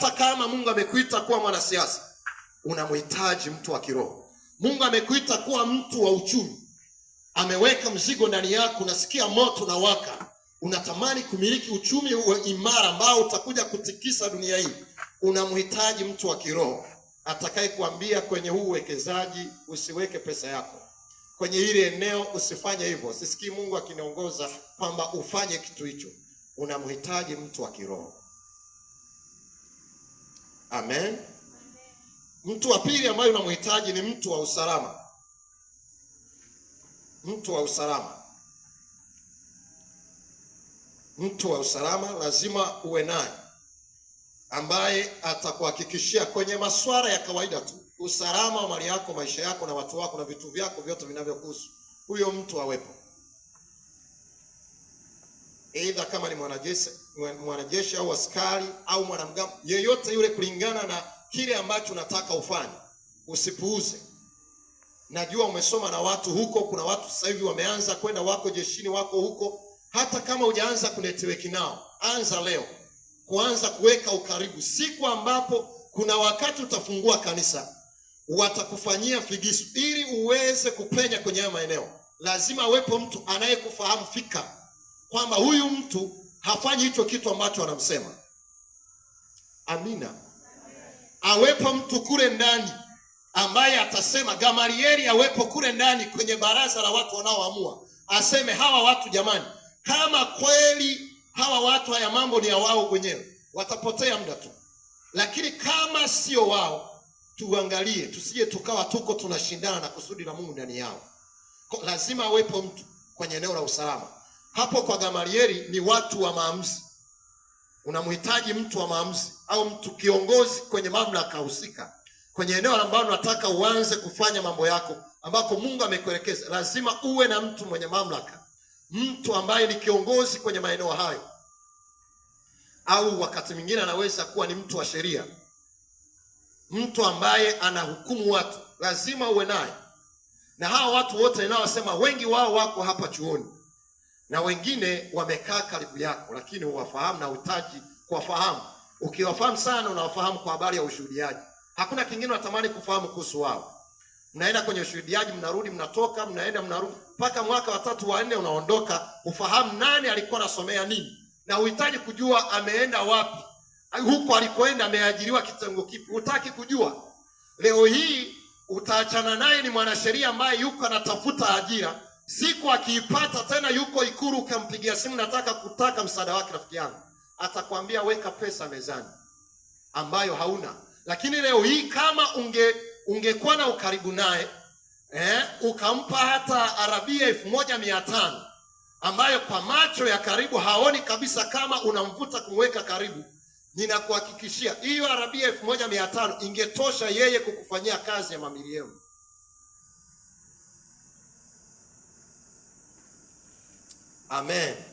Hata kama Mungu amekuita kuwa mwanasiasa, unamhitaji mtu wa kiroho. Mungu amekuita kuwa mtu wa uchumi, ameweka mzigo ndani yako, unasikia moto na waka, unatamani kumiliki uchumi uwe imara ambao utakuja kutikisa dunia hii. Unamhitaji mtu wa kiroho atakayekuambia kwenye huu uwekezaji usiweke pesa yako kwenye hili eneo usifanye hivyo. Sisikii Mungu akiniongoza kwamba ufanye kitu hicho. Unamhitaji mtu wa kiroho. Amen. Mtu wa pili ambaye unamhitaji ni mtu wa usalama, mtu wa usalama, mtu wa usalama lazima uwe naye, ambaye atakuhakikishia kwenye masuala ya kawaida tu usalama wa mali yako, maisha yako na watu wako na vitu vyako vyote vinavyokuhusu. Huyo mtu awepo aidha kama ni mwanajeshi mwanajeshi au askari au mwanamgambo yeyote yule, kulingana na kile ambacho unataka ufanye, usipuuze. Najua umesoma na watu huko, kuna watu sasa hivi wameanza kwenda, wako jeshini, wako huko. Hata kama hujaanza kunetiweki nao, anza leo kuanza kuweka ukaribu. Siku ambapo kuna wakati utafungua kanisa, watakufanyia figisu, ili uweze kupenya kwenye haya maeneo. Lazima awepo mtu anayekufahamu fika kwamba huyu mtu hafanyi hicho kitu ambacho anamsema. Amina, awepo mtu kule ndani ambaye atasema, Gamalieli awepo kule ndani kwenye baraza la watu wanaoamua, aseme hawa watu jamani, kama kweli hawa watu haya mambo ni ya wao wenyewe, watapotea muda tu, lakini kama sio wao, tuangalie tusije tukawa tuko tunashindana na kusudi la Mungu ndani yao. Lazima awepo mtu kwenye eneo la usalama hapo kwa Gamalieli ni watu wa maamuzi. Unamhitaji mtu wa maamuzi au mtu kiongozi kwenye mamlaka husika, kwenye eneo ambalo unataka uanze kufanya mambo yako, ambako Mungu amekuelekeza. Lazima uwe na mtu mwenye mamlaka, mtu ambaye ni kiongozi kwenye maeneo hayo, au wakati mwingine anaweza kuwa ni mtu wa sheria, mtu ambaye anahukumu watu. Lazima uwe naye, na hawa watu wote ninaosema, wengi wao wako hapa chuoni na wengine wamekaa karibu yako, lakini huwafahamu na utaji kuwafahamu. Ukiwafahamu sana, unawafahamu kwa habari ya ushuhudiaji. Hakuna kingine unatamani kufahamu kuhusu wao. Mnaenda kwenye ushuhudiaji, mnarudi, mnatoka, mnaenda, mnarudi, mpaka mwaka watatu wa nne unaondoka, ufahamu nani alikuwa anasomea nini, na uhitaji kujua ameenda wapi, huko alikoenda ameajiriwa kitengo kipi, hutaki kujua. Leo hii utaachana naye, ni mwanasheria ambaye yuko anatafuta ajira Siku akiipata tena, yuko Ikuru, ukampigia simu, nataka kutaka msaada wake, rafiki yangu, atakwambia weka pesa mezani ambayo hauna. Lakini leo hii kama unge ungekuwa na ukaribu naye eh, ukampa hata arabia elfu moja mia tano ambayo kwa macho ya karibu haoni kabisa kama unamvuta kumweka karibu, ninakuhakikishia hiyo arabia elfu moja mia tano ingetosha yeye kukufanyia kazi ya mamilioni. Amen.